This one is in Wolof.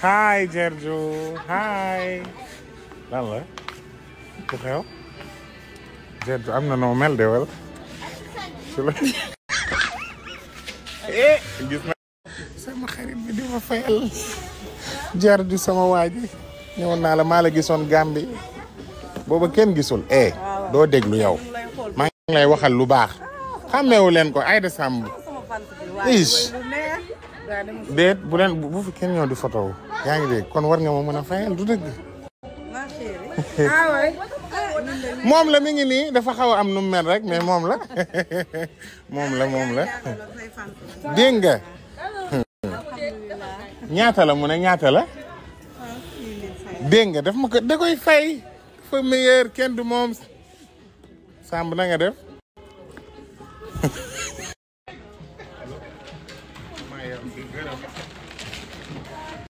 hi Jerju hi lan la ku xew Jerju am na noo mel de eh, sama xarit bi di maa la gisoon Gàmbi booba kenn gisul eh doo déglu yow maa ngi lay waxal lu baax xàmmeewu leen ko Aïda Samb déet bu leen bu fi kenn ñëw di photo yaa ngi dégg kon war nga ma mën a fayal du dëgg. moom la mi ngi nii dafa xaw a am nu mel rek mais moom la moom la moom la dégg ñaata la mu ne ñaata la dégg nga daf ma ko da koy fay fa meilleur kenn du moom sàmb na nga def. I am. good.